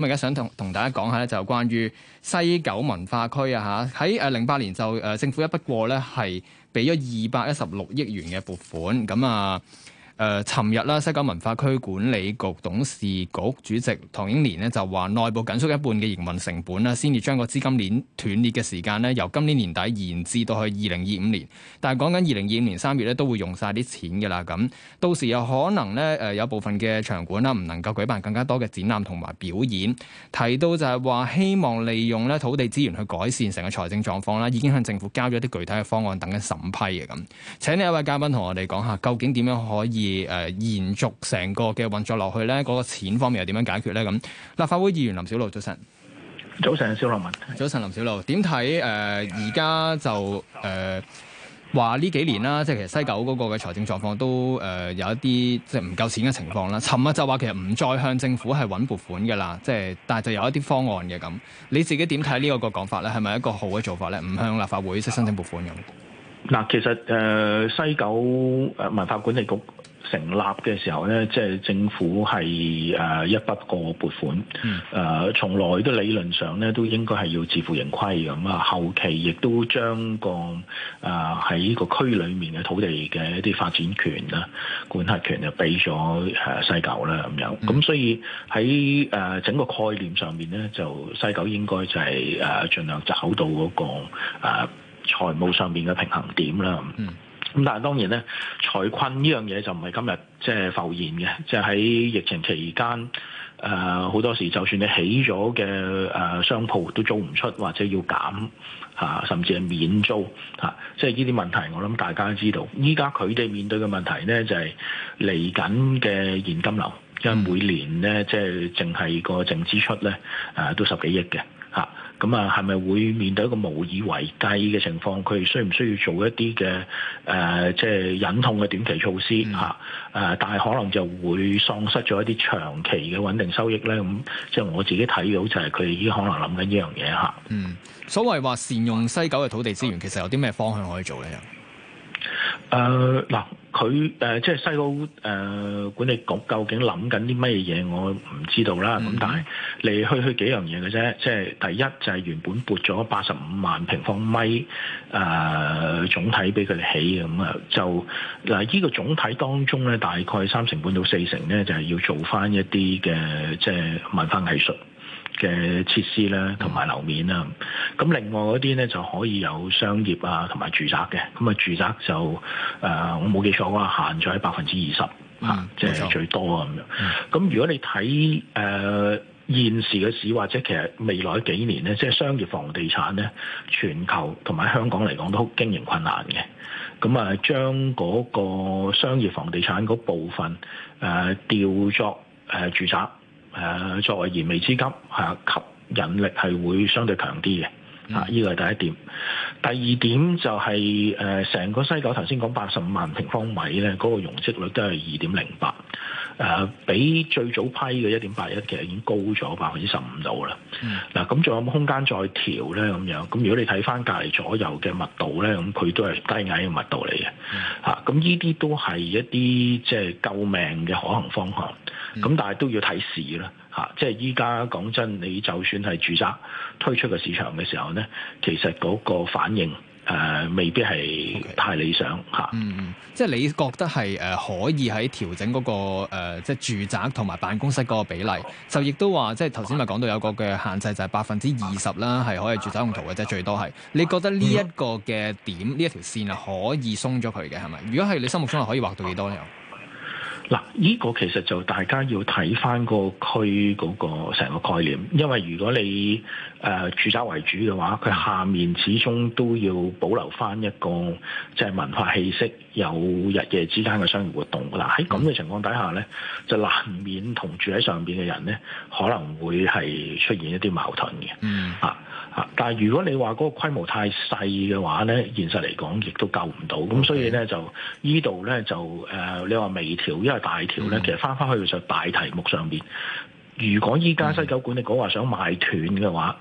咁而家想同同大家講下咧，就關於西九文化區啊嚇，喺誒零八年就誒政府一筆過咧，係俾咗二百一十六億元嘅撥款，咁啊。誒，尋日啦，西九文化區管理局董事局主席唐英年呢就話，內部緊縮一半嘅營運成本啦，先至將個資金鏈斷裂嘅時間呢，由今年年底延至到去二零二五年。但係講緊二零二五年三月咧，都會用晒啲錢㗎啦。咁到時有可能呢，誒有部分嘅場館啦，唔能夠舉辦更加多嘅展覽同埋表演。提到就係話，希望利用呢土地資源去改善成個財政狀況啦。已經向政府交咗啲具體嘅方案，等緊審批嘅咁。請呢一位嘉賓同我哋講下，究竟點樣可以？誒、呃，延續成個嘅運作落去咧，嗰、那個錢方面又點樣解決咧？咁立法會議員林筱魯，早晨，早晨，筱魯兄，早晨，林筱魯，點睇誒？而、呃、家就誒話呢幾年啦，即係其實西九嗰個嘅財政狀況都誒、呃、有一啲即係唔夠錢嘅情況啦。尋日就話其實唔再向政府係揾撥款嘅啦，即係但係就有一啲方案嘅咁。你自己點睇呢個個講法咧？係咪一個好嘅做法咧？唔向立法會申請撥款咁？嗱，其實誒西九誒文化管理局。成立嘅時候咧，即、就、係、是、政府係誒一筆過撥款，誒、嗯呃、從來都理論上咧都應該係要自負盈虧咁啊。後期亦都將個誒喺、呃、個區裡面嘅土地嘅一啲發展權啦、管轄權就俾咗誒西九啦咁樣。咁、嗯、所以喺誒、呃、整個概念上面咧，就西九應該就係、是、誒、呃、盡量找到嗰、那個誒、呃、財務上面嘅平衡點啦。嗯嗯咁但係當然咧，財困呢樣嘢就唔係今日即係浮現嘅，即係喺疫情期間，誒、呃、好多時就算你起咗嘅誒商鋪都租唔出，或者要減嚇，甚至係免租嚇、啊，即係呢啲問題我諗大家都知道。依家佢哋面對嘅問題咧就係嚟緊嘅現金流，嗯、因為每年咧即係淨係個淨支出咧誒都十幾億嘅。咁啊，係咪會面對一個無以為繼嘅情況？佢需唔需要做一啲嘅誒，即係忍痛嘅短期措施嚇？誒、呃，但係可能就會喪失咗一啲長期嘅穩定收益咧。咁即係我自己睇到就係佢已經可能諗緊依樣嘢嚇。嗯，所謂話善用西九嘅土地資源，其實有啲咩方向可以做咧？誒嗱，佢誒、呃呃、即係西九誒管理局究竟諗緊啲乜嘢，我唔知道啦。咁、mm hmm。但係嚟去去幾樣嘢嘅啫。即係第一就係、是、原本撥咗八十五萬平方米誒、呃、總體俾佢哋起咁啊，就嗱呢、呃這個總體當中咧，大概三成半到四成咧，就係、是、要做翻一啲嘅即係文化藝術。嘅設施咧，同埋樓面啦。咁、嗯、另外嗰啲咧，就可以有商業啊，同埋住宅嘅。咁啊，住宅就誒，我冇記錯嘅話，限咗喺百分之二十嚇，即係、嗯、最多啊。咁樣、嗯。咁如果你睇誒、呃、現時嘅市，或者其實未來幾年咧，即係商業房地產咧，全球同埋香港嚟講都經營困難嘅。咁、嗯、啊，將嗰個商業房地產嗰部分誒、呃、調作誒、呃、住宅。誒、啊、作為燃眉之急嚇，吸、啊、引力係會相對強啲嘅，嚇呢個係第一點。第二點就係誒成個西九頭先講八十五萬平方米咧，嗰、那個容積率都係二點零八。誒，比最早批嘅一點八一，其實已經高咗百分之十五度啦。嗱，咁仲、嗯、有冇空間再調咧？咁樣，咁如果你睇翻隔離左右嘅密度咧，咁佢都係低矮嘅密度嚟嘅。嚇、嗯，咁呢啲都係一啲即係救命嘅可行方向。咁、嗯、但係都要睇市啦。嚇、啊，即係依家講真，你就算係住宅推出嘅市場嘅時候咧，其實嗰個反應。誒、uh, 未必係太理想嚇。嗯 Okay.、啊、嗯，即係你覺得係誒、呃、可以喺調整嗰、那個、呃、即係住宅同埋辦公室嗰個比例，就亦都話即係頭先咪講到有個嘅限制就係百分之二十啦，係可以住宅用途嘅啫，最多係。你覺得呢一個嘅點、呢一條線係可以鬆咗佢嘅係咪？如果係你心目中係可以畫到幾多呢？嗱，呢個其實就大家要睇翻個區嗰個成個概念，因為如果你誒、呃、住宅為主嘅話，佢下面始終都要保留翻一個即係文化氣息，有日夜之間嘅商業活動。嗱、呃，喺咁嘅情況底下咧，就難免同住喺上邊嘅人咧，可能會係出現一啲矛盾嘅，啊、嗯。但係如果你話嗰個規模太細嘅話咧，現實嚟講亦都救唔到。咁 Okay. 所以咧就依度咧就誒、呃，你話微調因為大調咧，mm hmm. 其實翻翻去就大題目上邊。如果依家西九管理局話想賣斷嘅話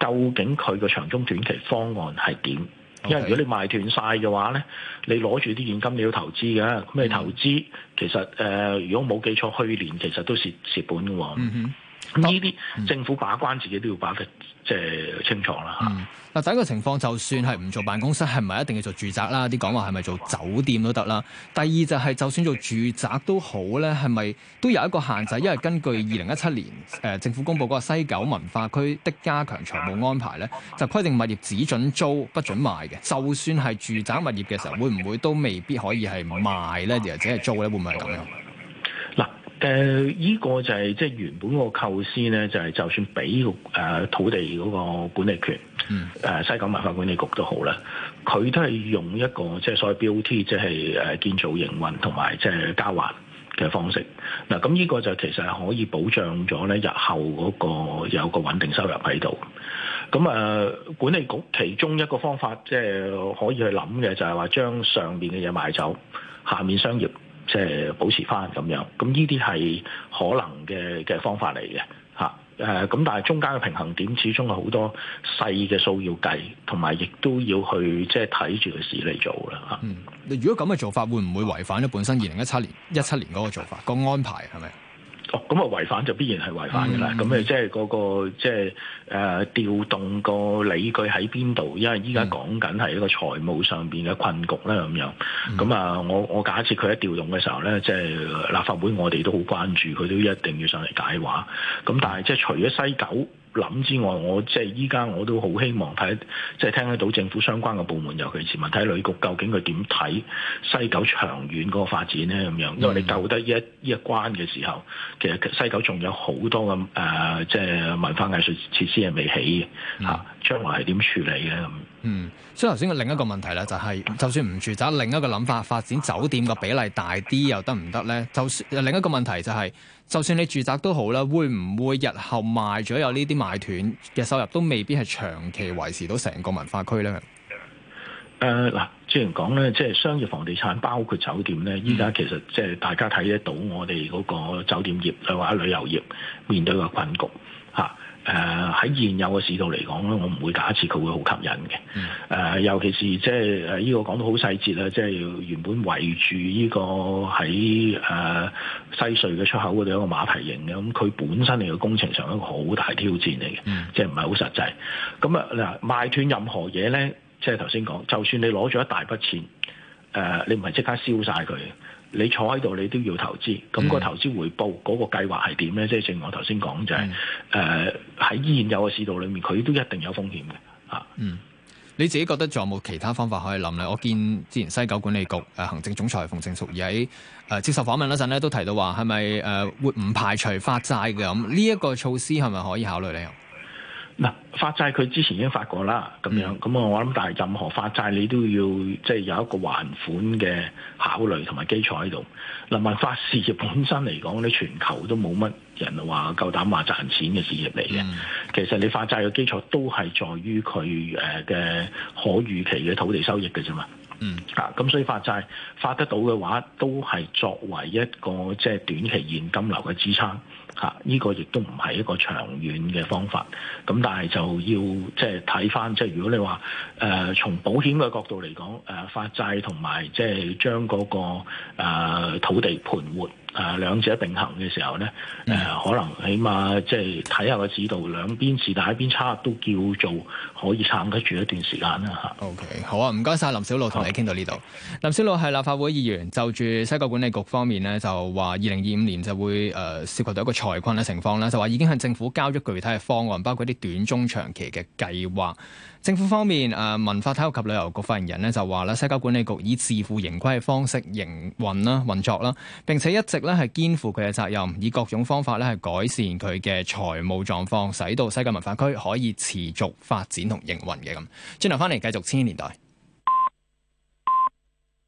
，mm hmm. 究竟佢嘅長中短期方案係點？Okay. 因為如果你賣斷晒嘅話咧，你攞住啲現金你要投資㗎。咁、mm hmm. 你投資其實誒、呃，如果冇記錯，去年其實都蝕蝕本㗎喎。Mm hmm. 呢啲政府把關自己都要把握即清楚啦吓。嗱、嗯嗯，第一個情況就算係唔做辦公室，係咪一定要做住宅啦？啲講話係咪做酒店都得啦？第二就係、是、就算做住宅都好呢，係咪都有一個限制？因為根據二零一七年誒、呃、政府公布嗰個西九文化區的加強財務安排呢，就規定物業只准租不准賣嘅。就算係住宅物業嘅時候，會唔會都未必可以係賣呢？或者係租呢？會唔會係咁樣？誒依、呃這個就係、是、即係原本個構思咧，就係、是、就算俾個誒土地嗰個管理權，誒、嗯呃、西九文化管理局都好啦，佢都係用一個即係所謂 BOT，即係誒建造營運同埋即係交還嘅方式。嗱、呃，咁、這、呢個就其實係可以保障咗咧日後嗰個有個穩定收入喺度。咁、呃、誒管理局其中一個方法，即係可以去諗嘅就係話將上邊嘅嘢賣走，下面商業。即係保持翻咁樣，咁呢啲係可能嘅嘅方法嚟嘅嚇，誒咁但係中間嘅平衡點始終係好多細嘅數要計，同埋亦都要去即係睇住個市嚟做啦嚇。嗯，如果咁嘅做法會唔會違反咧本身二零一七年一七年嗰個做法的個安排係咪？哦，咁啊違反就必然係違反㗎啦。咁誒、mm，即係嗰個即係誒調動個理據喺邊度？因為依家講緊係一個財務上邊嘅困局啦咁樣。咁、mm hmm. 啊，我我假設佢喺調動嘅時候咧，即係立法會我哋都好關注，佢都一定要上嚟解話。咁但係即係除咗西九，諗之外，我即係依家我都好希望睇，即係聽得到政府相關嘅部門，尤其是文體旅局，究竟佢點睇西九長遠嗰個發展咧？咁樣，因為你救得依一依一關嘅時候，其實西九仲有好多嘅誒、呃，即係文化藝術設施係未起嘅嚇，嗯、將來係點處理嘅？咁？嗯，所以頭先嘅另一個問題咧，就係就算唔住宅，另一個諗法發展酒店個比例大啲又得唔得咧？就算另一個問題就係、是。就就算你住宅都好啦，會唔會日後賣咗有呢啲賣斷嘅收入都未必係長期維持到成個文化區呢？誒嗱、呃，之前講呢，即係商業房地產包括酒店呢，依家其實即係大家睇得到我哋嗰個酒店業或者旅遊業面對個困局。誒喺、呃、現有嘅市道嚟講咧，我唔會假設佢會好吸引嘅。誒、呃，尤其是即係誒呢個講到好細節啦，即係原本圍住呢個喺誒、呃、西隧嘅出口嗰度有個馬蹄形嘅，咁佢本身係個工程上一個好大挑戰嚟嘅，嗯、即係唔係好實際。咁啊嗱，賣斷任何嘢咧，即係頭先講，就算你攞咗一大筆錢。誒、呃，你唔係即刻燒晒佢，你坐喺度你都要投資，咁個投資回報嗰個計劃係點咧？即係、嗯、正如我頭先講就係誒喺現有嘅市道裏面，佢都一定有風險嘅吓。啊、嗯，你自己覺得仲有冇其他方法可以諗咧？我見之前西九管理局誒行政總裁馮程淑儀喺誒接受訪問嗰陣咧，都提到話係咪誒會唔排除發債嘅。咁呢一個措施係咪可以考慮咧？嗱，發債佢之前已經發過啦，咁、mm. 樣咁啊，我諗但係任何發債你都要即係、就是、有一個還款嘅考慮同埋基礎喺度。嗱，文發事業本身嚟講咧，全球都冇乜人話夠膽話賺錢嘅事業嚟嘅。Mm. 其實你發債嘅基礎都係在於佢誒嘅可預期嘅土地收益嘅啫嘛。嗯，啊，咁所以發債發得到嘅話，都係作為一個即係短期現金流嘅支撐，嚇，呢個亦都唔係一個長遠嘅方法。咁但係就要即係睇翻，即係如果你話誒從保險嘅角度嚟講，誒發債同埋即係將嗰個土地盤活。啊，兩者並行嘅時候咧，誒、啊、可能起碼即係睇下個市道，兩邊是但一邊差都叫做可以撐得住一段時間啦嚇。OK，好啊，唔該晒。林筱魯，同你傾到呢度。林筱魯係立法會議員，就住西九管理局方面咧，就話二零二五年就會誒、呃、涉及到一個財困嘅情況咧，就話已經向政府交咗具體嘅方案，包括啲短中長期嘅計劃。政府方面，誒、呃、文化體育及旅遊局發言人咧就話啦，西九管理局以自負盈虧嘅方式營運啦、運作啦，並且一直咧係肩負佢嘅責任，以各種方法咧係改善佢嘅財務狀況，使到西九文化區可以持續發展同營運嘅咁。轉頭翻嚟繼續千禧年代。